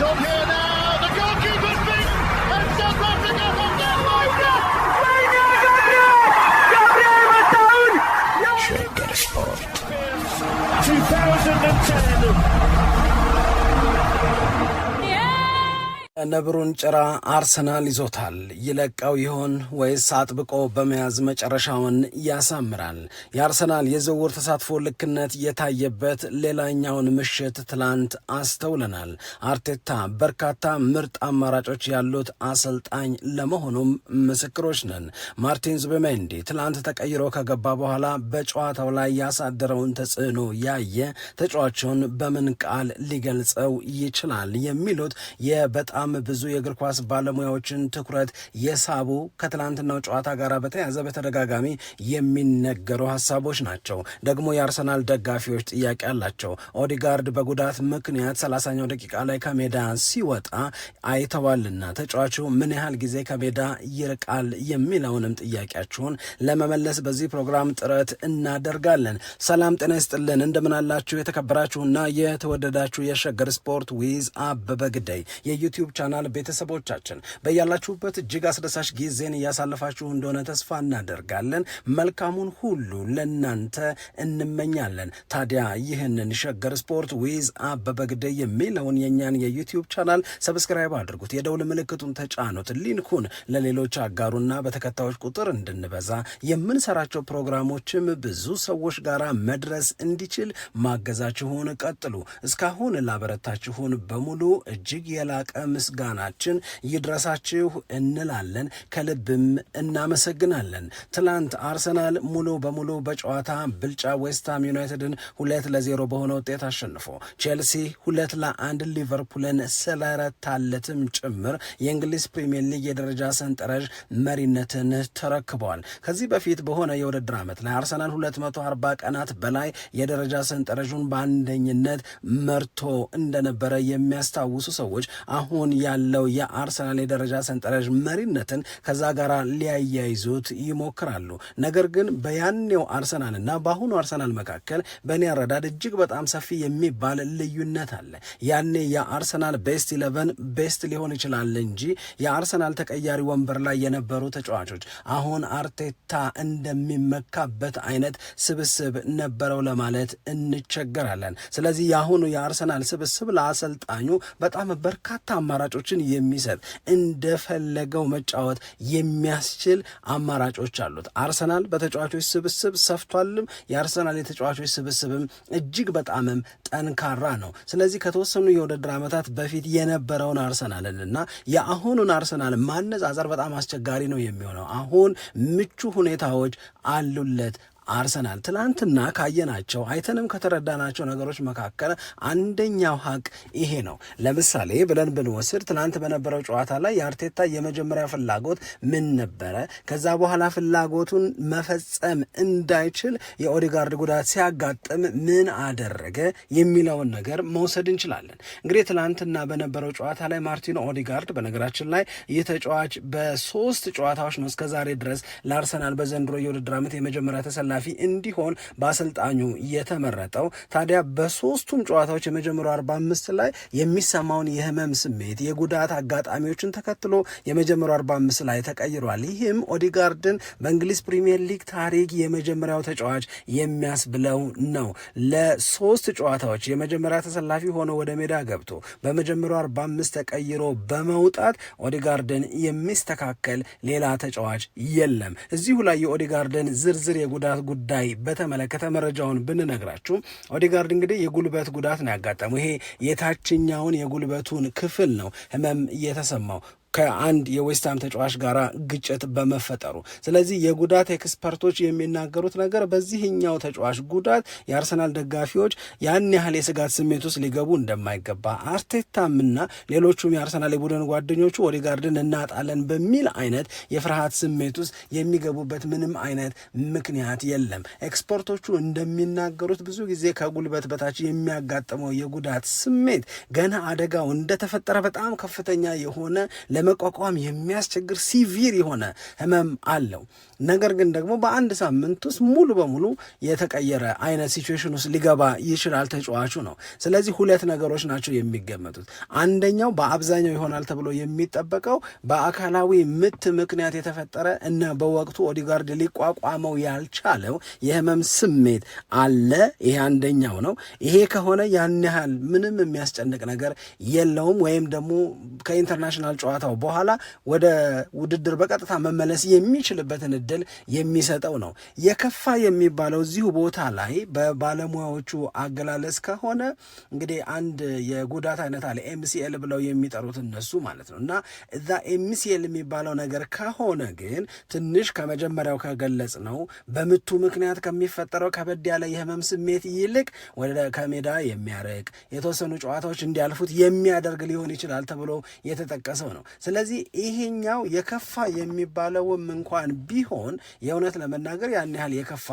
Jughead ነብሩን ጭራ አርሰናል ይዞታል። ይለቀው ይሆን ወይስ አጥብቆ በመያዝ መጨረሻውን ያሳምራል? የአርሰናል የዝውውር ተሳትፎ ልክነት የታየበት ሌላኛውን ምሽት ትላንት አስተውለናል። አርቴታ በርካታ ምርጥ አማራጮች ያሉት አሰልጣኝ ለመሆኑም ምስክሮች ነን። ማርቲን ዙቢሜንዲ ትላንት ተቀይሮ ከገባ በኋላ በጨዋታው ላይ ያሳደረውን ተጽዕኖ ያየ ተጫዋቹን በምን ቃል ሊገልጸው ይችላል? የሚሉት የበጣም በጣም ብዙ የእግር ኳስ ባለሙያዎችን ትኩረት የሳቡ ከትላንትናው ጨዋታ ጋር በተያያዘ በተደጋጋሚ የሚነገሩ ሀሳቦች ናቸው። ደግሞ የአርሰናል ደጋፊዎች ጥያቄ አላቸው። ኦዲጋርድ በጉዳት ምክንያት ሰላሳኛው ደቂቃ ላይ ከሜዳ ሲወጣ አይተዋልና ተጫዋቹ ምን ያህል ጊዜ ከሜዳ ይርቃል የሚለውንም ጥያቄያችሁን ለመመለስ በዚህ ፕሮግራም ጥረት እናደርጋለን። ሰላም ጤና ይስጥልን፣ እንደምናላችሁ የተከበራችሁና የተወደዳችሁ የሸገር ስፖርት ዊዝ አበበ ግዳይ የዩቲዩብ ቻናል ቤተሰቦቻችን በያላችሁበት እጅግ አስደሳች ጊዜን እያሳለፋችሁ እንደሆነ ተስፋ እናደርጋለን። መልካሙን ሁሉ ለእናንተ እንመኛለን። ታዲያ ይህንን ሸገር ስፖርት ዊዝ አበበ ግደይ የሚለውን የእኛን የዩቲዩብ ቻናል ሰብስክራይብ አድርጉት፣ የደውል ምልክቱን ተጫኑት፣ ሊንኩን ለሌሎች አጋሩና በተከታዮች ቁጥር እንድንበዛ የምንሰራቸው ፕሮግራሞችም ብዙ ሰዎች ጋር መድረስ እንዲችል ማገዛችሁን ቀጥሉ። እስካሁን ላበረታችሁን በሙሉ እጅግ የላቀ ምስ ምስጋናችን ይድረሳችሁ እንላለን። ከልብም እናመሰግናለን። ትላንት አርሰናል ሙሉ በሙሉ በጨዋታ ብልጫ ዌስትሃም ዩናይትድን ሁለት ለዜሮ በሆነ ውጤት አሸንፎ ቼልሲ ሁለት ለአንድ ሊቨርፑልን ስለረታለትም ጭምር የእንግሊዝ ፕሪምየር ሊግ የደረጃ ሰንጠረዥ መሪነትን ተረክበዋል። ከዚህ በፊት በሆነ የውድድር ዓመት ላይ አርሰናል 240 ቀናት በላይ የደረጃ ሰንጠረዥን በአንደኝነት መርቶ እንደነበረ የሚያስታውሱ ሰዎች አሁን ያለው የአርሰናል የደረጃ ሰንጠረዥ መሪነትን ከዛ ጋር ሊያያይዙት ይሞክራሉ። ነገር ግን በያኔው አርሰናልና በአሁኑ አርሰናል መካከል በእኔ አረዳድ እጅግ በጣም ሰፊ የሚባል ልዩነት አለ። ያኔ የአርሰናል ቤስት ኢለቨን ቤስት ሊሆን ይችላል እንጂ የአርሰናል ተቀያሪ ወንበር ላይ የነበሩ ተጫዋቾች አሁን አርቴታ እንደሚመካበት አይነት ስብስብ ነበረው ለማለት እንቸገራለን። ስለዚህ የአሁኑ የአርሰናል ስብስብ ለአሰልጣኙ በጣም በርካታ አማራጭ አማራጮችን የሚሰጥ እንደፈለገው መጫወት የሚያስችል አማራጮች አሉት። አርሰናል በተጫዋቾች ስብስብ ሰፍቷልም። የአርሰናል የተጫዋቾች ስብስብም እጅግ በጣምም ጠንካራ ነው። ስለዚህ ከተወሰኑ የውድድር ዓመታት በፊት የነበረውን እና የአሁኑን አርሰናል ማነጻጸር በጣም አስቸጋሪ ነው የሚሆነው። አሁን ምቹ ሁኔታዎች አሉለት አርሰናል ትናንትና ካየናቸው አይተንም ከተረዳናቸው ነገሮች መካከል አንደኛው ሀቅ ይሄ ነው። ለምሳሌ ብለን ብንወስድ ትናንት በነበረው ጨዋታ ላይ የአርቴታ የመጀመሪያ ፍላጎት ምን ነበረ? ከዛ በኋላ ፍላጎቱን መፈጸም እንዳይችል የኦዲጋርድ ጉዳት ሲያጋጥም ምን አደረገ የሚለውን ነገር መውሰድ እንችላለን። እንግዲህ ትላንትና በነበረው ጨዋታ ላይ ማርቲኖ ኦዲጋርድ፣ በነገራችን ላይ ይህ ተጫዋች በሶስት ጨዋታዎች ነው እስከዛሬ ድረስ ለአርሰናል በዘንድሮ የውድድር ዓመት የመጀመሪያ ተሰላ አሸናፊ እንዲሆን በአሰልጣኙ የተመረጠው ታዲያ በሶስቱም ጨዋታዎች የመጀመሪያው 45 ላይ የሚሰማውን የህመም ስሜት የጉዳት አጋጣሚዎችን ተከትሎ የመጀመሪያው 45 ላይ ተቀይሯል። ይህም ኦዲጋርድን በእንግሊዝ ፕሪምየር ሊግ ታሪክ የመጀመሪያው ተጫዋች የሚያስብለው ነው። ለሶስት ጨዋታዎች የመጀመሪያ ተሰላፊ ሆኖ ወደ ሜዳ ገብቶ በመጀመሪያው 45 ተቀይሮ በመውጣት ኦዲጋርድን የሚስተካከል ሌላ ተጫዋች የለም። እዚሁ ላይ የኦዲጋርድን ዝርዝር የጉዳት ጉዳት ጉዳይ በተመለከተ መረጃውን ብንነግራችሁ ኦዴጋርድ እንግዲህ የጉልበት ጉዳት ነው ያጋጠመው። ይሄ የታችኛውን የጉልበቱን ክፍል ነው ህመም እየተሰማው ከአንድ የዌስትሃም ተጫዋች ጋር ግጭት በመፈጠሩ ስለዚህ የጉዳት ኤክስፐርቶች የሚናገሩት ነገር በዚህኛው ተጫዋች ጉዳት የአርሰናል ደጋፊዎች ያን ያህል የስጋት ስሜት ውስጥ ሊገቡ እንደማይገባ አርቴታም እና ሌሎቹም የአርሰናል የቡድን ጓደኞቹ ኦዴጋርድን እናጣለን በሚል አይነት የፍርሃት ስሜት ውስጥ የሚገቡበት ምንም አይነት ምክንያት የለም። ኤክስፐርቶቹ እንደሚናገሩት ብዙ ጊዜ ከጉልበት በታች የሚያጋጥመው የጉዳት ስሜት ገና አደጋው እንደተፈጠረ በጣም ከፍተኛ የሆነ ለመቋቋም የሚያስቸግር ሲቪር የሆነ ህመም አለው። ነገር ግን ደግሞ በአንድ ሳምንት ውስጥ ሙሉ በሙሉ የተቀየረ አይነት ሲቹዌሽን ውስጥ ሊገባ ይችላል ተጫዋቹ ነው። ስለዚህ ሁለት ነገሮች ናቸው የሚገመጡት። አንደኛው በአብዛኛው ይሆናል ተብሎ የሚጠበቀው በአካላዊ ምት ምክንያት የተፈጠረ እና በወቅቱ ኦዲጋርድ ሊቋቋመው ያልቻለው የህመም ስሜት አለ። ይሄ አንደኛው ነው። ይሄ ከሆነ ያን ያህል ምንም የሚያስጨንቅ ነገር የለውም። ወይም ደግሞ ከኢንተርናሽናል ጨዋታ ከጨዋታው በኋላ ወደ ውድድር በቀጥታ መመለስ የሚችልበትን እድል የሚሰጠው ነው። የከፋ የሚባለው እዚሁ ቦታ ላይ በባለሙያዎቹ አገላለጽ ከሆነ እንግዲህ አንድ የጉዳት አይነት አለ፣ ኤምሲኤል ብለው የሚጠሩት እነሱ ማለት ነው። እና እዛ ኤምሲኤል የሚባለው ነገር ከሆነ ግን ትንሽ ከመጀመሪያው ከገለጽ ነው በምቱ ምክንያት ከሚፈጠረው ከበድ ያለ የህመም ስሜት ይልቅ ወደ ከሜዳ የሚያርቅ የተወሰኑ ጨዋታዎች እንዲያልፉት የሚያደርግ ሊሆን ይችላል ተብሎ የተጠቀሰው ነው። ስለዚህ ይሄኛው የከፋ የሚባለውም እንኳን ቢሆን የእውነት ለመናገር ያን ያህል የከፋ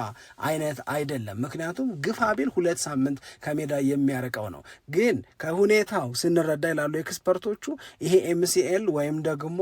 አይነት አይደለም። ምክንያቱም ግፋ ቢል ሁለት ሳምንት ከሜዳ የሚያርቀው ነው። ግን ከሁኔታው ስንረዳ ይላሉ ኤክስፐርቶቹ ይሄ ኤምሲኤል ወይም ደግሞ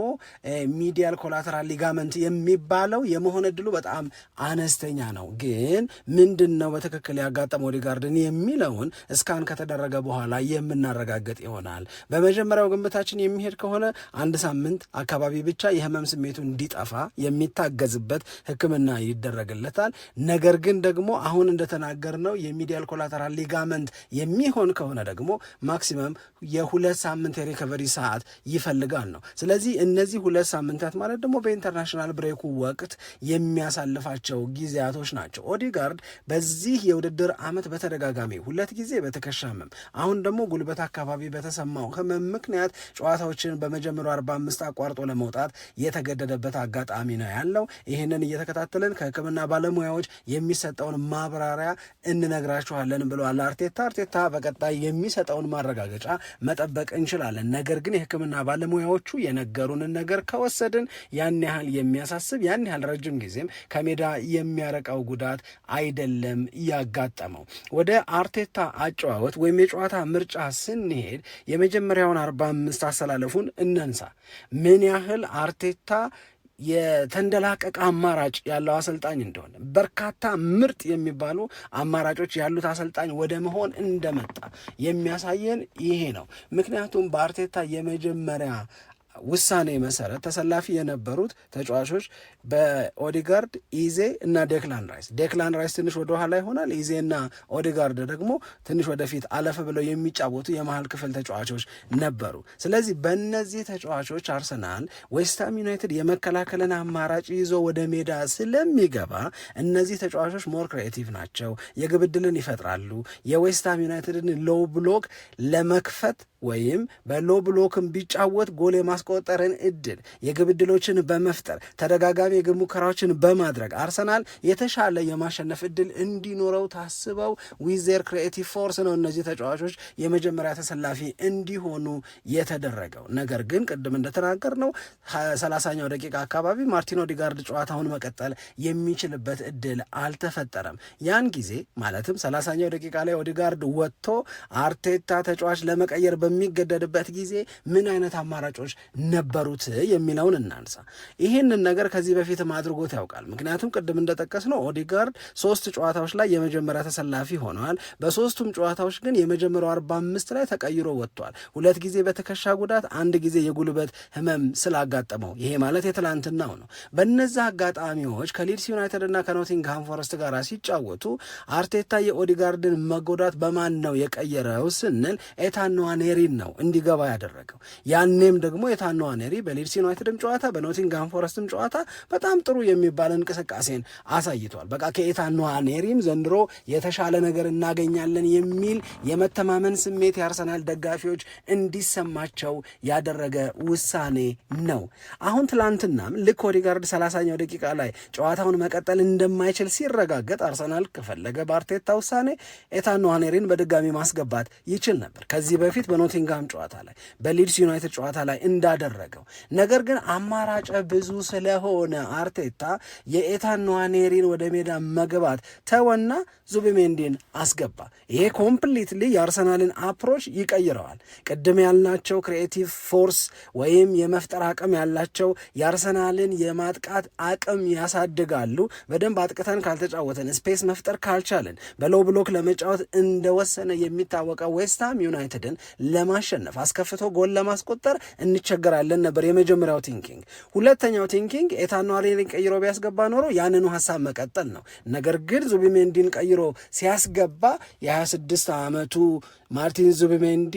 ሚዲያል ኮላተራል ሊጋመንት የሚባለው የመሆን እድሉ በጣም አነስተኛ ነው። ግን ምንድን ነው በትክክል ያጋጠመው ኦዴጋርድን የሚለውን እስካን ከተደረገ በኋላ የምናረጋግጥ ይሆናል። በመጀመሪያው ግምታችን የሚሄድ ከሆነ አንድ ለአንድ ሳምንት አካባቢ ብቻ የህመም ስሜቱ እንዲጠፋ የሚታገዝበት ህክምና ይደረግለታል። ነገር ግን ደግሞ አሁን እንደተናገርነው የሚዲያል ኮላተራል ሊጋመንት የሚሆን ከሆነ ደግሞ ማክሲመም የሁለት ሳምንት የሪከቨሪ ሰዓት ይፈልጋል ነው። ስለዚህ እነዚህ ሁለት ሳምንታት ማለት ደግሞ በኢንተርናሽናል ብሬኩ ወቅት የሚያሳልፋቸው ጊዜያቶች ናቸው። ኦዲጋርድ በዚህ የውድድር ዓመት በተደጋጋሚ ሁለት ጊዜ በትከሻ ህመም፣ አሁን ደግሞ ጉልበት አካባቢ በተሰማው ህመም ምክንያት ጨዋታዎችን በመጀመሪያው 45 አቋርጦ ለመውጣት የተገደደበት አጋጣሚ ነው ያለው። ይህንን እየተከታተልን ከህክምና ባለሙያዎች የሚሰጠውን ማብራሪያ እንነግራችኋለን ብለዋል አርቴታ። አርቴታ በቀጣይ የሚሰጠውን ማረጋገጫ መጠበቅ እንችላለን። ነገር ግን የህክምና ባለሙያዎቹ የነገሩንን ነገር ከወሰድን ያን ያህል የሚያሳስብ ያን ያህል ረጅም ጊዜም ከሜዳ የሚያረቃው ጉዳት አይደለም ያጋጠመው። ወደ አርቴታ አጨዋወት ወይም የጨዋታ ምርጫ ስንሄድ የመጀመሪያውን አምስት አሰላለፉን እነንሳ። ምን ያህል አርቴታ የተንደላቀቀ አማራጭ ያለው አሰልጣኝ እንደሆነ በርካታ ምርጥ የሚባሉ አማራጮች ያሉት አሰልጣኝ ወደ መሆን እንደመጣ የሚያሳየን ይሄ ነው። ምክንያቱም በአርቴታ የመጀመሪያ ውሳኔ መሰረት ተሰላፊ የነበሩት ተጫዋቾች በኦዲጋርድ ኢዜ እና ዴክላን ራይስ ዴክላን ራይስ ትንሽ ወደ ኋላ ይሆናል። ኢዜ እና ኦዲጋርድ ደግሞ ትንሽ ወደፊት አለፍ ብለው የሚጫወቱ የመሀል ክፍል ተጫዋቾች ነበሩ። ስለዚህ በእነዚህ ተጫዋቾች አርሰናል ዌስትሃም ዩናይትድ የመከላከልን አማራጭ ይዞ ወደ ሜዳ ስለሚገባ እነዚህ ተጫዋቾች ሞር ክሬቲቭ ናቸው፣ የግብ ዕድልን ይፈጥራሉ። የዌስትሃም ዩናይትድን ሎው ብሎክ ለመክፈት ወይም በሎው ብሎክን ቢጫወት ጎል የማስ የማስቆጠርን እድል የግብ እድሎችን በመፍጠር ተደጋጋሚ የግብ ሙከራዎችን በማድረግ አርሰናል የተሻለ የማሸነፍ እድል እንዲኖረው ታስበው ዊዘር ክሪኤቲቭ ፎርስ ነው እነዚህ ተጫዋቾች የመጀመሪያ ተሰላፊ እንዲሆኑ የተደረገው። ነገር ግን ቅድም እንደተናገር ነው ሰላሳኛው ደቂቃ አካባቢ ማርቲኖ ዲጋርድ ጨዋታውን መቀጠል የሚችልበት እድል አልተፈጠረም። ያን ጊዜ ማለትም ሰላሳኛው ደቂቃ ላይ ኦዲጋርድ ወጥቶ አርቴታ ተጫዋች ለመቀየር በሚገደድበት ጊዜ ምን አይነት አማራጮች ነበሩት የሚለውን እናንሳ። ይህንን ነገር ከዚህ በፊትም አድርጎት ያውቃል። ምክንያቱም ቅድም እንደጠቀስ ነው ሶስት ጨዋታዎች ላይ የመጀመሪያ ተሰላፊ ሆነዋል። በሶስቱም ጨዋታዎች ግን የመጀመሪያው አርባ አምስት ላይ ተቀይሮ ወጥቷል። ሁለት ጊዜ በትከሻ ጉዳት፣ አንድ ጊዜ የጉልበት ህመም ስላጋጠመው ይሄ ማለት የትላንትናው ነው። በነዚ አጋጣሚዎች ከሊድስ ዩናይትድ እና ከኖቲንግሃም ፎረስት ጋር ሲጫወቱ አርቴታ የኦዲጋርድን መጎዳት በማን ነው የቀየረው ስንል ኤታን ንዋኔሪን ነው እንዲገባ ያደረገው ያኔም ደግሞ ሳኖ አነሪ በሌድስ ዩናይትድም ጨዋታ በኖቲንግሃም ፎረስትም ጨዋታ በጣም ጥሩ የሚባል እንቅስቃሴን አሳይቷል። በቃ ከኤታኖ አነሪም ዘንድሮ የተሻለ ነገር እናገኛለን የሚል የመተማመን ስሜት የአርሰናል ደጋፊዎች እንዲሰማቸው ያደረገ ውሳኔ ነው። አሁን ትላንትናም ልክ ኦዴጋርድ ሰላሳኛው ደቂቃ ላይ ጨዋታውን መቀጠል እንደማይችል ሲረጋገጥ አርሰናል ከፈለገ በአርቴታ ውሳኔ ኤታኖ አነሪን በድጋሚ ማስገባት ይችል ነበር። ከዚህ በፊት በኖቲንግሃም ጨዋታ ላይ በሊድስ ዩናይትድ ጨዋታ ላይ እንዳ አደረገው። ነገር ግን አማራጭ ብዙ ስለሆነ አርቴታ የኤታን ነዋኔሪን ወደ ሜዳ መግባት ተወና ዙቢሜንዲን አስገባ። ይሄ ኮምፕሊትሊ የአርሰናልን አፕሮች ይቀይረዋል። ቅድም ያልናቸው ክሪኤቲቭ ፎርስ ወይም የመፍጠር አቅም ያላቸው የአርሰናልን የማጥቃት አቅም ያሳድጋሉ። በደንብ አጥቅተን ካልተጫወተን ስፔስ መፍጠር ካልቻለን በሎው ብሎክ ለመጫወት እንደወሰነ የሚታወቀው ዌስትሃም ዩናይትድን ለማሸነፍ አስከፍቶ ጎል ለማስቆጠር እንቸገ እንቸገራለን ነበር የመጀመሪያው ቲንኪንግ። ሁለተኛው ቲንኪንግ ኤታን ንዋኔሪን ቀይሮ ቢያስገባ ኖሮ ያንኑ ሀሳብ መቀጠል ነው። ነገር ግን ዙቢሜንዲን ቀይሮ ሲያስገባ የ26 ዓመቱ ማርቲን ዙቢሜንዲ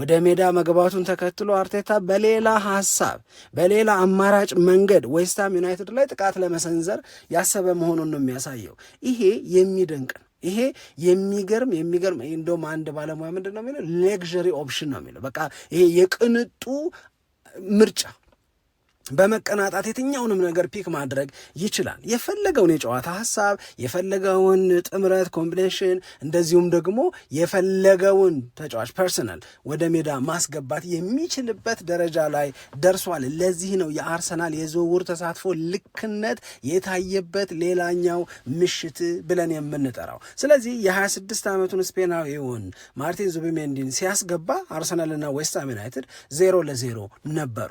ወደ ሜዳ መግባቱን ተከትሎ አርቴታ በሌላ ሀሳብ በሌላ አማራጭ መንገድ ዌስትሃም ዩናይትድ ላይ ጥቃት ለመሰንዘር ያሰበ መሆኑን ነው የሚያሳየው። ይሄ የሚደንቅ ነው። ይሄ የሚገርም የሚገርም እንደውም አንድ ባለሙያ ምንድን ነው የሚለው ሌግዠሪ ኦፕሽን ነው የሚለው በቃ ይሄ የቅንጡ ምርጫ በመቀናጣት የትኛውንም ነገር ፒክ ማድረግ ይችላል። የፈለገውን የጨዋታ ሀሳብ፣ የፈለገውን ጥምረት ኮምቢኔሽን፣ እንደዚሁም ደግሞ የፈለገውን ተጫዋች ፐርሰናል ወደ ሜዳ ማስገባት የሚችልበት ደረጃ ላይ ደርሷል። ለዚህ ነው የአርሰናል የዝውውር ተሳትፎ ልክነት የታየበት ሌላኛው ምሽት ብለን የምንጠራው። ስለዚህ የ26 ዓመቱን ስፔናዊውን ማርቲን ዙቢሜንዲን ሲያስገባ አርሰናልና ዌስትሃም ዩናይትድ ዜሮ ለዜሮ ነበሩ።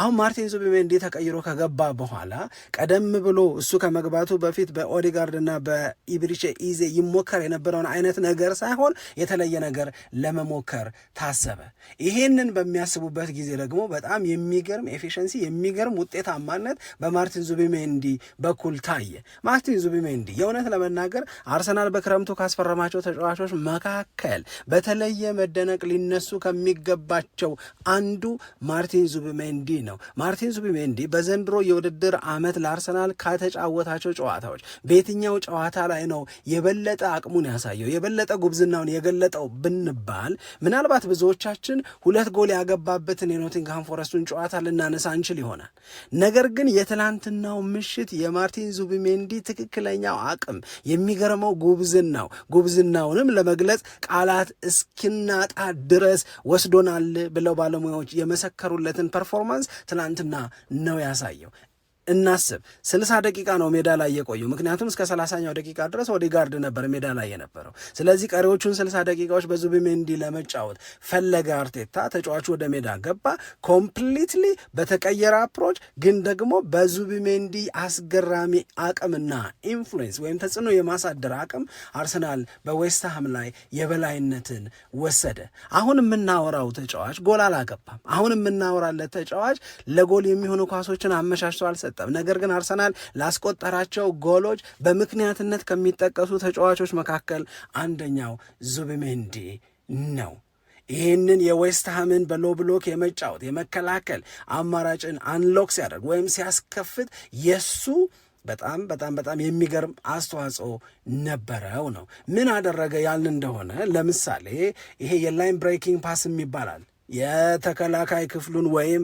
አሁን ማርቲን ዙቢሜንዲ ተቀይሮ ከገባ በኋላ ቀደም ብሎ እሱ ከመግባቱ በፊት በኦዲጋርድ እና በኢብሪቼ ኢዜ ይሞከር የነበረውን አይነት ነገር ሳይሆን የተለየ ነገር ለመሞከር ታሰበ። ይሄንን በሚያስቡበት ጊዜ ደግሞ በጣም የሚገርም ኤፊሽንሲ፣ የሚገርም ውጤታማነት በማርቲን ዙቢሜንዲ በኩል ታየ። ማርቲን ዙቢሜንዲ የእውነት ለመናገር አርሰናል በክረምቱ ካስፈረማቸው ተጫዋቾች መካከል በተለየ መደነቅ ሊነሱ ከሚገባቸው አንዱ ማርቲን ዙቢሜንዲ ዙቢሜንዲ ነው። ማርቲን ዙቢሜንዲ በዘንድሮ የውድድር ዓመት ለአርሰናል ከተጫወታቸው ጨዋታዎች በየትኛው ጨዋታ ላይ ነው የበለጠ አቅሙን ያሳየው የበለጠ ጉብዝናውን የገለጠው ብንባል ምናልባት ብዙዎቻችን ሁለት ጎል ያገባበትን የኖቲንግሃም ፎረስቱን ጨዋታ ልናነሳ እንችል ይሆናል። ነገር ግን የትላንትናው ምሽት የማርቲን ዙቢሜንዲ ትክክለኛው አቅም የሚገርመው ጉብዝናው ጉብዝናውንም ለመግለጽ ቃላት እስኪናጣ ድረስ ወስዶናል ብለው ባለሙያዎች የመሰከሩለትን ፐርፎርም ፐርፎርማንስ ትናንትና ነው ያሳየው። እናስብ። ስልሳ ደቂቃ ነው ሜዳ ላይ የቆዩ። ምክንያቱም እስከ ሰላሳኛው ደቂቃ ድረስ ኦዴጋርድ ነበር ሜዳ ላይ የነበረው። ስለዚህ ቀሪዎቹን ስልሳ ደቂቃዎች በዙቢሜንዲ ለመጫወት ፈለገ አርቴታ። ተጫዋቹ ወደ ሜዳ ገባ ኮምፕሊትሊ በተቀየረ አፕሮች፣ ግን ደግሞ በዙቢሜንዲ አስገራሚ አቅምና ኢንፍሉዌንስ ወይም ተጽዕኖ የማሳደር አቅም አርሰናል በዌስትሃም ላይ የበላይነትን ወሰደ። አሁን የምናወራው ተጫዋች ጎል አላገባም። አሁን የምናወራለት ተጫዋች ለጎል የሚሆኑ ኳሶችን አመሻሽቶ አልሰጠ አልሰጠም። ነገር ግን አርሰናል ላስቆጠራቸው ጎሎች በምክንያትነት ከሚጠቀሱ ተጫዋቾች መካከል አንደኛው ዙብሜንዲ ነው። ይህንን የዌስትሃምን በሎ ብሎክ የመጫወት የመከላከል አማራጭን አንሎክ ሲያደርግ ወይም ሲያስከፍት የሱ በጣም በጣም በጣም የሚገርም አስተዋጽኦ ነበረው ነው። ምን አደረገ ያልን እንደሆነ ለምሳሌ ይሄ የላይን ብሬኪንግ ፓስ የሚባላል የተከላካይ ክፍሉን ወይም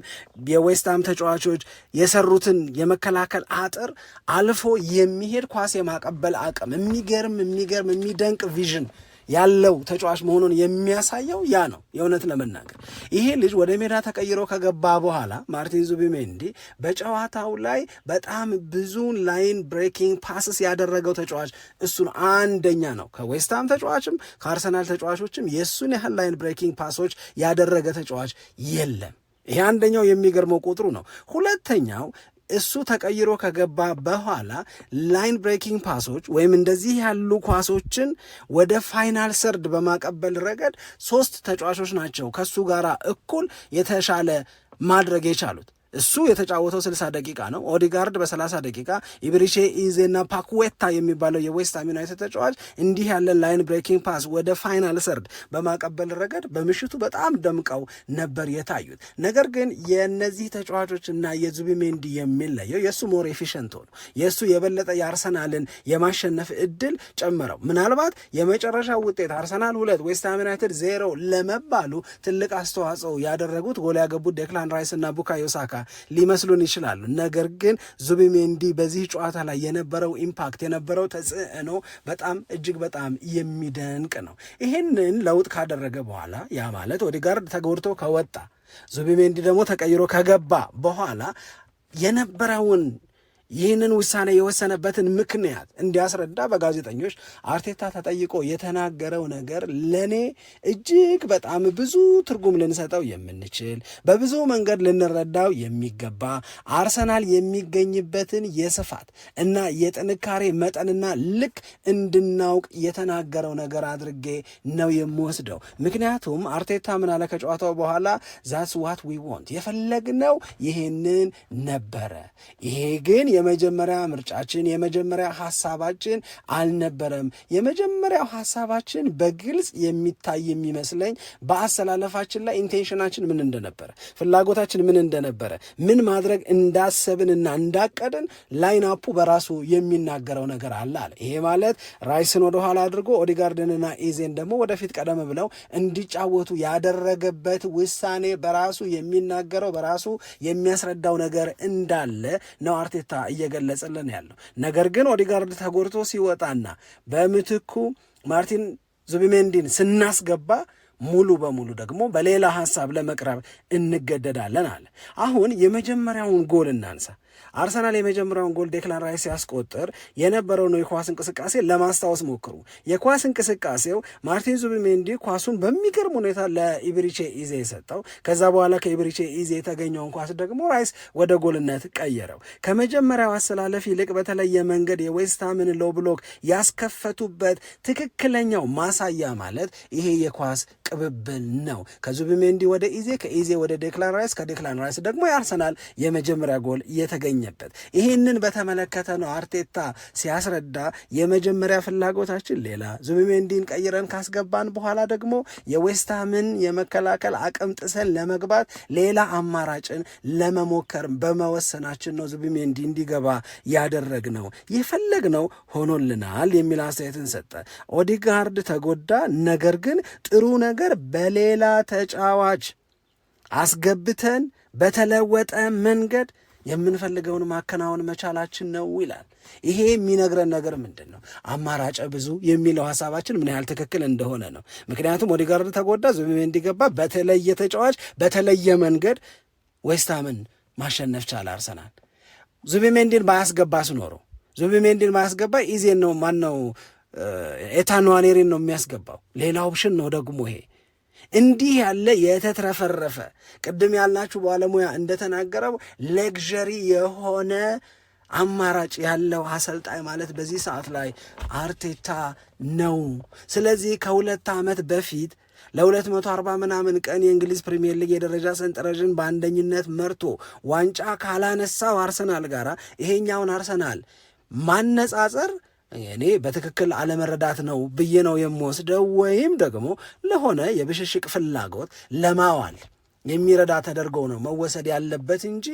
የዌስትሃም ተጫዋቾች የሰሩትን የመከላከል አጥር አልፎ የሚሄድ ኳስ የማቀበል አቅም የሚገርም የሚገርም የሚደንቅ ቪዥን ያለው ተጫዋች መሆኑን የሚያሳየው ያ ነው። የእውነት ለመናገር ይሄ ልጅ ወደ ሜዳ ተቀይሮ ከገባ በኋላ ማርቲን ዙቢሜንዲ በጨዋታው ላይ በጣም ብዙ ላይን ብሬኪንግ ፓስስ ያደረገው ተጫዋች እሱን አንደኛ ነው። ከዌስትሃም ተጫዋችም ከአርሰናል ተጫዋቾችም የእሱን ያህል ላይን ብሬኪንግ ፓሶች ያደረገ ተጫዋች የለም። ይሄ አንደኛው የሚገርመው ቁጥሩ ነው። ሁለተኛው እሱ ተቀይሮ ከገባ በኋላ ላይን ብሬኪንግ ፓሶች ወይም እንደዚህ ያሉ ኳሶችን ወደ ፋይናል ሰርድ በማቀበል ረገድ ሶስት ተጫዋቾች ናቸው ከሱ ጋር እኩል የተሻለ ማድረግ የቻሉት። እሱ የተጫወተው 60 ደቂቃ ነው። ኦዲጋርድ በ30 ደቂቃ፣ ኢብሪሼ ኢዜና ፓኩዌታ የሚባለው የዌስትሃም ዩናይትድ ተጫዋች እንዲህ ያለ ላይን ብሬኪንግ ፓስ ወደ ፋይናል ሰርድ በማቀበል ረገድ በምሽቱ በጣም ደምቀው ነበር የታዩት። ነገር ግን የእነዚህ ተጫዋቾችና የዙቢሜንዲ የሚለየው የእሱ ሞር ኤፊሽንት ሆኖ የእሱ የበለጠ የአርሰናልን የማሸነፍ እድል ጨመረው። ምናልባት የመጨረሻው ውጤት አርሰናል ሁለት ዌስትሃም ዩናይትድ ዜሮ ለመባሉ ትልቅ አስተዋጽኦ ያደረጉት ጎል ያገቡት ዴክላን ራይስ እና ቡካዮ ሳካ ሊመስሉን ይችላሉ። ነገር ግን ዙቢሜንዲ በዚህ ጨዋታ ላይ የነበረው ኢምፓክት የነበረው ተጽዕኖ በጣም እጅግ በጣም የሚደንቅ ነው። ይህንን ለውጥ ካደረገ በኋላ ያ ማለት ኦዴጋርድ ተጎድቶ ከወጣ ዙቢሜንዲ ደግሞ ተቀይሮ ከገባ በኋላ የነበረውን ይህንን ውሳኔ የወሰነበትን ምክንያት እንዲያስረዳ በጋዜጠኞች አርቴታ ተጠይቆ የተናገረው ነገር ለእኔ እጅግ በጣም ብዙ ትርጉም ልንሰጠው የምንችል በብዙ መንገድ ልንረዳው የሚገባ አርሰናል የሚገኝበትን የስፋት እና የጥንካሬ መጠንና ልክ እንድናውቅ የተናገረው ነገር አድርጌ ነው የምወስደው። ምክንያቱም አርቴታ ምን አለ ከጨዋታው በኋላ ዛስ ዋት ዊ ወንት የፈለግነው ይህንን ነበረ። ይሄ ግን የመጀመሪያ ምርጫችን የመጀመሪያ ሀሳባችን አልነበረም። የመጀመሪያው ሀሳባችን በግልጽ የሚታይ የሚመስለኝ በአሰላለፋችን ላይ ኢንቴንሽናችን ምን እንደነበረ፣ ፍላጎታችን ምን እንደነበረ፣ ምን ማድረግ እንዳሰብንና እንዳቀድን ላይናፑ በራሱ የሚናገረው ነገር አለ አለ። ይሄ ማለት ራይስን ወደኋላ አድርጎ ኦዲጋርድንና ኢዜን ደግሞ ወደፊት ቀደም ብለው እንዲጫወቱ ያደረገበት ውሳኔ በራሱ የሚናገረው በራሱ የሚያስረዳው ነገር እንዳለ ነው አርቴታ እየገለጸልን ያለው። ነገር ግን ኦዲጋርድ ተጎድቶ ሲወጣና በምትኩ ማርቲን ዙቢሜንዲን ስናስገባ ሙሉ በሙሉ ደግሞ በሌላ ሀሳብ ለመቅረብ እንገደዳለን አለ። አሁን የመጀመሪያውን ጎል እናንሳ። አርሰናል የመጀመሪያውን ጎል ዴክላን ራይስ ሲያስቆጥር የነበረው ነው የኳስ እንቅስቃሴ ለማስታወስ ሞክሩ። የኳስ እንቅስቃሴው ማርቲን ዙቢሜንዲ ኳሱን በሚገርም ሁኔታ ለኢብሪቼ ኢዜ የሰጠው፣ ከዛ በኋላ ከኢብሪቼ ኢዜ የተገኘውን ኳስ ደግሞ ራይስ ወደ ጎልነት ቀየረው። ከመጀመሪያው አሰላለፍ ይልቅ በተለየ መንገድ የዌስትሃምን ሎው ብሎክ ያስከፈቱበት ትክክለኛው ማሳያ ማለት ይሄ የኳስ ቅብብል ነው። ከዙቢሜንዲ ወደ ኢዜ፣ ከኢዜ ወደ ዴክላን ራይስ፣ ከዴክላን ራይስ ደግሞ የአርሰናል የመጀመሪያ ጎል የተገኘ ተገኘበት። ይህንን በተመለከተ ነው አርቴታ ሲያስረዳ የመጀመሪያ ፍላጎታችን ሌላ ዙቢሜንዲን ቀይረን ካስገባን በኋላ ደግሞ የዌስትሃምን የመከላከል አቅም ጥሰን ለመግባት ሌላ አማራጭን ለመሞከር በመወሰናችን ነው ዙቢሜንዲ እንዲገባ ያደረግነው። የፈለግነው ሆኖልናል የሚል አስተያየትን ሰጠ። ኦዲጋርድ ተጎዳ፣ ነገር ግን ጥሩ ነገር በሌላ ተጫዋች አስገብተን በተለወጠ መንገድ የምንፈልገውን ማከናወን መቻላችን ነው ይላል። ይሄ የሚነግረን ነገር ምንድን ነው? አማራጭ ብዙ የሚለው ሀሳባችን ምን ያህል ትክክል እንደሆነ ነው። ምክንያቱም ኦዴጋርድ ተጎዳ፣ ዙቢሜንዲ እንዲገባ በተለየ ተጫዋች በተለየ መንገድ ዌስትሃምን ማሸነፍ ቻለ አርሰናል። ዙቢሜንዲን ባያስገባስ ስኖሮ ዙቢሜንዲን ባያስገባ ኢዜን ነው ማን ነው ኤታን ዋኔሪን ነው የሚያስገባው። ሌላ ኦፕሽን ነው ደግሞ ይሄ እንዲህ ያለ የተትረፈረፈ ቅድም ያልናችሁ ባለሙያ እንደተናገረው ለግዠሪ የሆነ አማራጭ ያለው አሰልጣኝ ማለት በዚህ ሰዓት ላይ አርቴታ ነው። ስለዚህ ከሁለት ዓመት በፊት ለ240 ምናምን ቀን የእንግሊዝ ፕሪምየር ሊግ የደረጃ ሰንጠረዥን በአንደኝነት መርቶ ዋንጫ ካላነሳው አርሰናል ጋር ይሄኛውን አርሰናል ማነጻጸር እኔ በትክክል አለመረዳት ነው ብዬ ነው የምወስደው፣ ወይም ደግሞ ለሆነ የብሽሽቅ ፍላጎት ለማዋል የሚረዳ ተደርገው ነው መወሰድ ያለበት እንጂ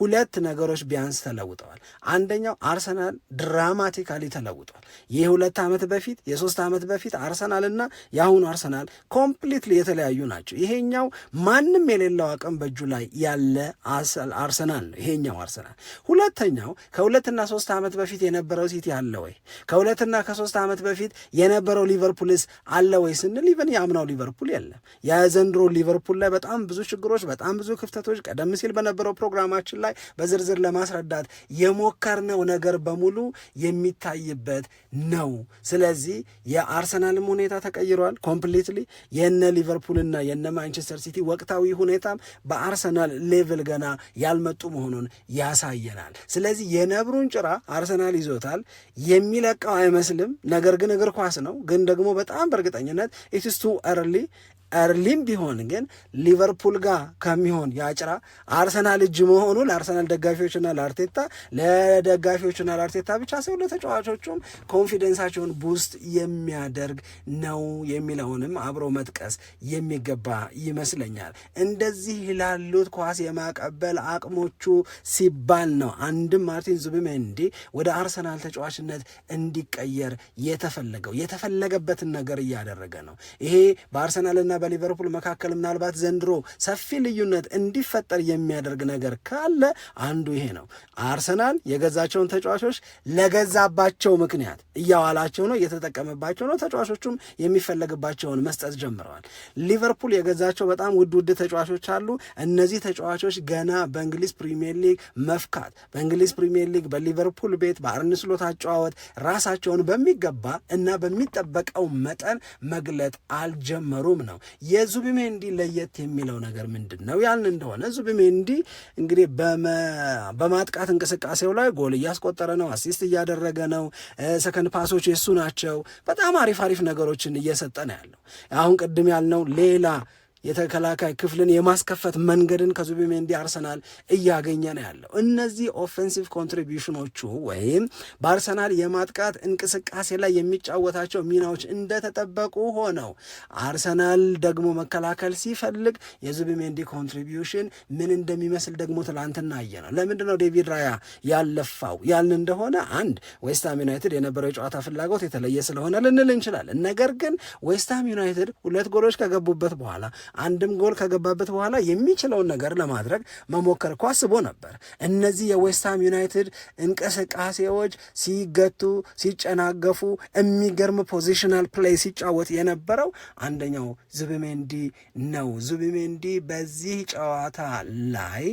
ሁለት ነገሮች ቢያንስ ተለውጠዋል። አንደኛው አርሰናል ድራማቲካሊ ተለውጧል። ይህ ሁለት ዓመት በፊት የሶስት ዓመት በፊት አርሰናል እና የአሁኑ አርሰናል ኮምፕሊትሊ የተለያዩ ናቸው። ይሄኛው ማንም የሌለው አቅም በእጁ ላይ ያለ አርሰናል ነው ይሄኛው አርሰናል። ሁለተኛው ከሁለትና ሶስት ዓመት በፊት የነበረው ሲቲ አለ ወይ? ከሁለትና ከሶስት ዓመት በፊት የነበረው ሊቨርፑልስ አለ ወይ ስንል ኢቨን የአምናው ሊቨርፑል የለም። የዘንድሮ ሊቨርፑል ላይ በጣም ብዙ ችግሮች፣ በጣም ብዙ ክፍተቶች ቀደም ሲል በነበረው ፕሮግራማችን ላይ በዝርዝር ለማስረዳት የሞከርነው ነገር በሙሉ የሚታይበት ነው። ስለዚህ የአርሰናልም ሁኔታ ተቀይሯል ኮምፕሊትሊ። የነ ሊቨርፑልና የነ ማንቸስተር ሲቲ ወቅታዊ ሁኔታም በአርሰናል ሌቭል ገና ያልመጡ መሆኑን ያሳየናል። ስለዚህ የነብሩን ጭራ አርሰናል ይዞታል፣ የሚለቀው አይመስልም። ነገር ግን እግር ኳስ ነው። ግን ደግሞ በጣም በእርግጠኝነት ኢትስ ቱ ኤርሊ ኤርሊም ቢሆን ግን ሊቨርፑል ጋር ከሚሆን ያጭራ አርሰናል እጅ መሆኑ ለአርሰናል ደጋፊዎችና ለአርቴታ ለደጋፊዎችና ለአርቴታ ብቻ ሲሆን ለተጫዋቾቹም ኮንፊደንሳቸውን ቡስት የሚያደርግ ነው የሚለውንም አብሮ መጥቀስ የሚገባ ይመስለኛል። እንደዚህ ላሉት ኳስ የማቀበል አቅሞቹ ሲባል ነው አንድም ማርቲን ዙቢሜንዲ ወደ አርሰናል ተጫዋችነት እንዲቀየር የተፈለገው የተፈለገበትን ነገር እያደረገ ነው። ይሄ በአርሰናልና በሊቨርፑል መካከል ምናልባት ዘንድሮ ሰፊ ልዩነት እንዲፈጠር የሚያደርግ ነገር ካለ አንዱ ይሄ ነው። አርሰናል የገዛቸውን ተጫዋቾች ለገዛባቸው ምክንያት እያዋላቸው ነው፣ እየተጠቀመባቸው ነው። ተጫዋቾቹም የሚፈለግባቸውን መስጠት ጀምረዋል። ሊቨርፑል የገዛቸው በጣም ውድ ውድ ተጫዋቾች አሉ። እነዚህ ተጫዋቾች ገና በእንግሊዝ ፕሪሚየር ሊግ መፍካት፣ በእንግሊዝ ፕሪሚየር ሊግ በሊቨርፑል ቤት በአርነ ስሎት አጨዋወት ራሳቸውን በሚገባ እና በሚጠበቀው መጠን መግለጥ አልጀመሩም ነው የዙቢሜንዲ ለየት የሚለው ነገር ምንድን ነው ያልን እንደሆነ ዙቢሜንዲ እንግዲህ በማጥቃት እንቅስቃሴው ላይ ጎል እያስቆጠረ ነው፣ አሲስት እያደረገ ነው፣ ሰከንድ ፓሶች የእሱ ናቸው። በጣም አሪፍ አሪፍ ነገሮችን እየሰጠ ነው ያለው። አሁን ቅድም ያልነው ሌላ የተከላካይ ክፍልን የማስከፈት መንገድን ከዙቢሜንዲ አርሰናል እያገኘ ነው ያለው። እነዚህ ኦፌንሲቭ ኮንትሪቢሽኖቹ ወይም በአርሰናል የማጥቃት እንቅስቃሴ ላይ የሚጫወታቸው ሚናዎች እንደተጠበቁ ሆነው አርሰናል ደግሞ መከላከል ሲፈልግ የዙቢሜንዲ ኮንትሪቢሽን ምን እንደሚመስል ደግሞ ትላንትና አየ ነው። ለምንድን ነው ዴቪድ ራያ ያለፋው ያልን እንደሆነ አንድ ዌስትሃም ዩናይትድ የነበረው የጨዋታ ፍላጎት የተለየ ስለሆነ ልንል እንችላለን። ነገር ግን ዌስትሃም ዩናይትድ ሁለት ጎሎች ከገቡበት በኋላ አንድም ጎል ከገባበት በኋላ የሚችለውን ነገር ለማድረግ መሞከር እኮ አስቦ ነበር። እነዚህ የዌስትሃም ዩናይትድ እንቅስቃሴዎች ሲገቱ፣ ሲጨናገፉ የሚገርም ፖዚሽናል ፕሌይ ሲጫወት የነበረው አንደኛው ዙቢሜንዲ ነው። ዙቢሜንዲ በዚህ ጨዋታ ላይ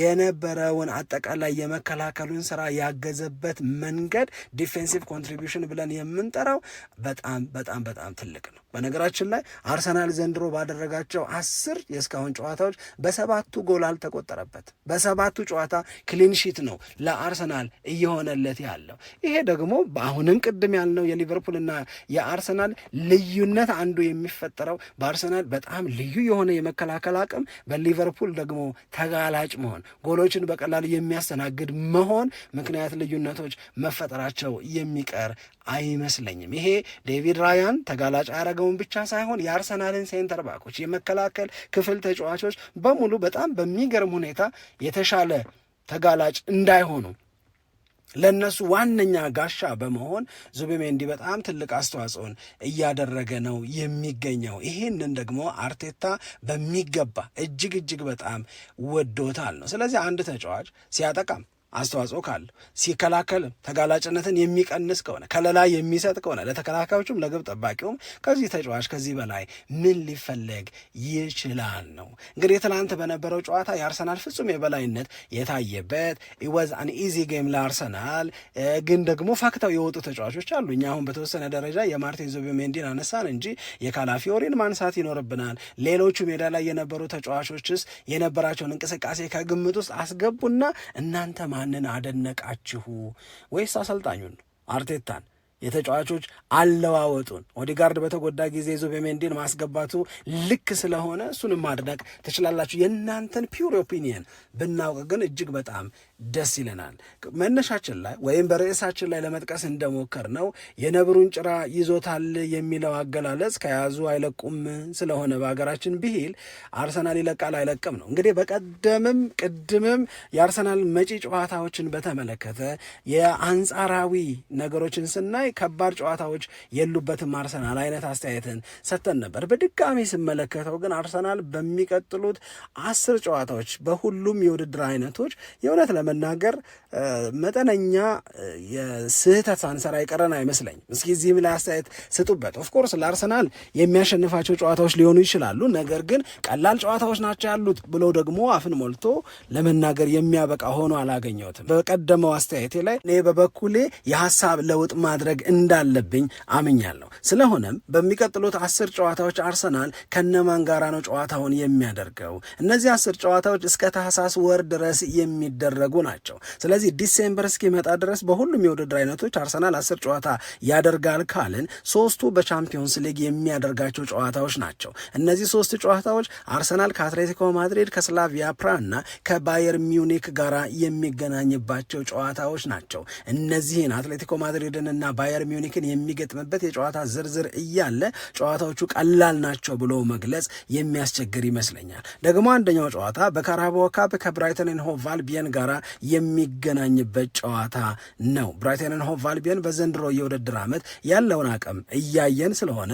የነበረውን አጠቃላይ የመከላከሉን ስራ ያገዘበት መንገድ ዲፌንሲቭ ኮንትሪቢሽን ብለን የምንጠራው በጣም በጣም በጣም ትልቅ ነው። በነገራችን ላይ አርሰናል ዘንድሮ ባደረጋቸው ባደረጋቸው አስር የእስካሁን ጨዋታዎች በሰባቱ ጎል አልተቆጠረበት። በሰባቱ ጨዋታ ክሊንሺት ነው ለአርሰናል እየሆነለት ያለው። ይሄ ደግሞ በአሁንም ቅድም ያልነው የሊቨርፑልና የአርሰናል ልዩነት አንዱ የሚፈጠረው በአርሰናል በጣም ልዩ የሆነ የመከላከል አቅም፣ በሊቨርፑል ደግሞ ተጋላጭ መሆን፣ ጎሎችን በቀላሉ የሚያስተናግድ መሆን ምክንያት ልዩነቶች መፈጠራቸው የሚቀር አይመስለኝም። ይሄ ዴቪድ ራያን ተጋላጭ አያረገውን ብቻ ሳይሆን የአርሰናልን ሴንተር ባኮች የመከላከል ክፍል ተጫዋቾች በሙሉ በጣም በሚገርም ሁኔታ የተሻለ ተጋላጭ እንዳይሆኑ ለእነሱ ዋነኛ ጋሻ በመሆን ዙቢሜንዲ በጣም ትልቅ አስተዋጽኦን እያደረገ ነው የሚገኘው። ይህንን ደግሞ አርቴታ በሚገባ እጅግ እጅግ በጣም ወዶታል ነው። ስለዚህ አንድ ተጫዋች ሲያጠቃም አስተዋጽኦ ካለው ሲከላከል ተጋላጭነትን የሚቀንስ ከሆነ ከለላ የሚሰጥ ከሆነ ለተከላካዮቹም ለግብ ጠባቂውም ከዚህ ተጫዋች ከዚህ በላይ ምን ሊፈለግ ይችላል ነው እንግዲህ ትናንት በነበረው ጨዋታ የአርሰናል ፍጹም የበላይነት የታየበት ኢወዝ አን ኢዚ ጌም ለአርሰናል ግን ደግሞ ፈክተው የወጡ ተጫዋቾች አሉ እኛ አሁን በተወሰነ ደረጃ የማርቲን ዙቢሜንዲን አነሳን እንጂ የካላፊዮሪን ማንሳት ይኖርብናል ሌሎቹ ሜዳ ላይ የነበሩ ተጫዋቾችስ የነበራቸውን እንቅስቃሴ ከግምት ውስጥ አስገቡና እናንተ ማ ማንን አደነቃችሁ? ወይስ አሰልጣኙን አርቴታን የተጫዋቾች አለዋወጡን ኦዲጋርድ በተጎዳ ጊዜ ዙቤሜንዲን ማስገባቱ ልክ ስለሆነ እሱንም ማድነቅ ትችላላችሁ። የእናንተን ፒውር ኦፒኒየን ብናውቅ ግን እጅግ በጣም ደስ ይለናል። መነሻችን ላይ ወይም በርዕሳችን ላይ ለመጥቀስ እንደሞከር ነው የነብሩን ጭራ ይዞታል የሚለው አገላለጽ ከያዙ አይለቁም ስለሆነ በሀገራችን ብሂል አርሰናል ይለቃል አይለቅም ነው። እንግዲህ በቀደምም ቅድምም የአርሰናል መጪ ጨዋታዎችን በተመለከተ የአንጻራዊ ነገሮችን ስናይ ከባድ ጨዋታዎች የሉበትም አርሰናል አይነት አስተያየትን ሰጥተን ነበር። በድጋሚ ስመለከተው ግን አርሰናል በሚቀጥሉት አስር ጨዋታዎች በሁሉም የውድድር አይነቶች የእውነት ለመናገር መጠነኛ የስህተት ሳንሰራ አይቀረን አይመስለኝም። እስኪ እዚህም ላይ አስተያየት ስጡበት። ኦፍኮርስ ለአርሰናል የሚያሸንፋቸው ጨዋታዎች ሊሆኑ ይችላሉ። ነገር ግን ቀላል ጨዋታዎች ናቸው ያሉት ብሎ ደግሞ አፍን ሞልቶ ለመናገር የሚያበቃ ሆኖ አላገኘሁትም። በቀደመው አስተያየቴ ላይ እኔ በበኩሌ የሀሳብ ለውጥ ማድረግ እንዳለብኝ አምኛለሁ። ስለሆነም በሚቀጥሉት አስር ጨዋታዎች አርሰናል ከነማን ጋራ ነው ጨዋታውን የሚያደርገው? እነዚህ አስር ጨዋታዎች እስከ ታህሳስ ወር ድረስ የሚደረጉ ናቸው። ስለዚህ ዲሴምበር እስኪመጣ ድረስ በሁሉም የውድድር አይነቶች አርሰናል አስር ጨዋታ ያደርጋል ካልን ሶስቱ በቻምፒዮንስ ሊግ የሚያደርጋቸው ጨዋታዎች ናቸው። እነዚህ ሶስት ጨዋታዎች አርሰናል ከአትሌቲኮ ማድሪድ፣ ከስላቪያ ፕራ እና ከባየር ሚዩኒክ ጋር የሚገናኝባቸው ጨዋታዎች ናቸው። እነዚህን አትሌቲኮ ማድሪድን እና ባየር ሚኒክን የሚገጥምበት የጨዋታ ዝርዝር እያለ ጨዋታዎቹ ቀላል ናቸው ብሎ መግለጽ የሚያስቸግር ይመስለኛል። ደግሞ አንደኛው ጨዋታ በካራባኦ ካፕ ከብራይተን ኤንድ ሆቭ ጋራ የሚገናኝበት ጨዋታ ነው። ብራይተንን ሆቭ አልቢዮን በዘንድሮ የውድድር ዓመት ያለውን አቅም እያየን ስለሆነ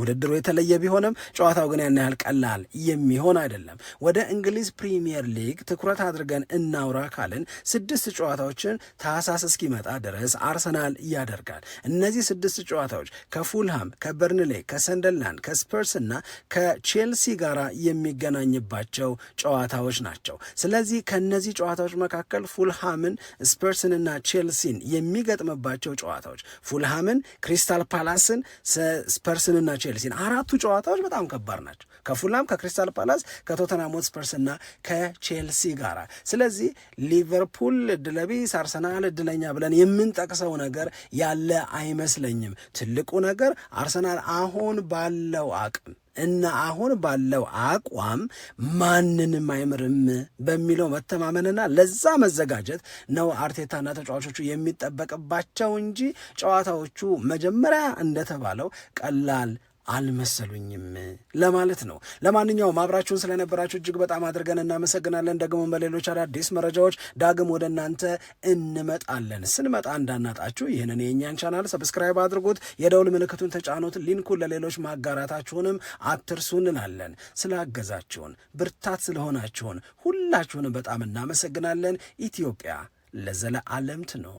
ውድድሩ የተለየ ቢሆንም ጨዋታው ግን ያን ያህል ቀላል የሚሆን አይደለም። ወደ እንግሊዝ ፕሪሚየር ሊግ ትኩረት አድርገን እናውራ ካልን ስድስት ጨዋታዎችን ታህሳስ እስኪመጣ ድረስ አርሰናል ያደርጋል። እነዚህ ስድስት ጨዋታዎች ከፉልሃም፣ ከበርንሌ፣ ከሰንደርላንድ፣ ከስፐርስ እና ከቼልሲ ጋር የሚገናኝባቸው ጨዋታዎች ናቸው። ስለዚህ ከእነዚህ ጨዋታዎች መካከል መካከል ፉልሃምን፣ ስፐርስንና ቼልሲን የሚገጥምባቸው ጨዋታዎች ፉልሃምን፣ ክሪስታል ፓላስን፣ ስፐርስንና ቼልሲን አራቱ ጨዋታዎች በጣም ከባድ ናቸው። ከፉልሃም፣ ከክሪስታል ፓላስ፣ ከቶተናም ሆትስፐርስና ከቼልሲ ጋራ። ስለዚህ ሊቨርፑል እድለቢስ፣ አርሰናል እድለኛ ብለን የምንጠቅሰው ነገር ያለ አይመስለኝም። ትልቁ ነገር አርሰናል አሁን ባለው አቅም እና አሁን ባለው አቋም ማንንም አይምርም በሚለው መተማመንና ለዛ መዘጋጀት ነው አርቴታና ተጫዋቾቹ የሚጠበቅባቸው እንጂ ጨዋታዎቹ መጀመሪያ እንደተባለው ቀላል አልመሰሉኝም ለማለት ነው። ለማንኛውም አብራችሁን ስለነበራችሁ እጅግ በጣም አድርገን እናመሰግናለን። ደግሞ በሌሎች አዳዲስ መረጃዎች ዳግም ወደ እናንተ እንመጣለን። ስንመጣ እንዳናጣችሁ ይህንን የእኛን ቻናል ሰብስክራይብ አድርጉት፣ የደውል ምልክቱን ተጫኑት፣ ሊንኩን ለሌሎች ማጋራታችሁንም አትርሱ እንላለን። ስላገዛችሁን ብርታት ስለሆናችሁን ሁላችሁንም በጣም እናመሰግናለን። ኢትዮጵያ ለዘለዓለም ትኑር።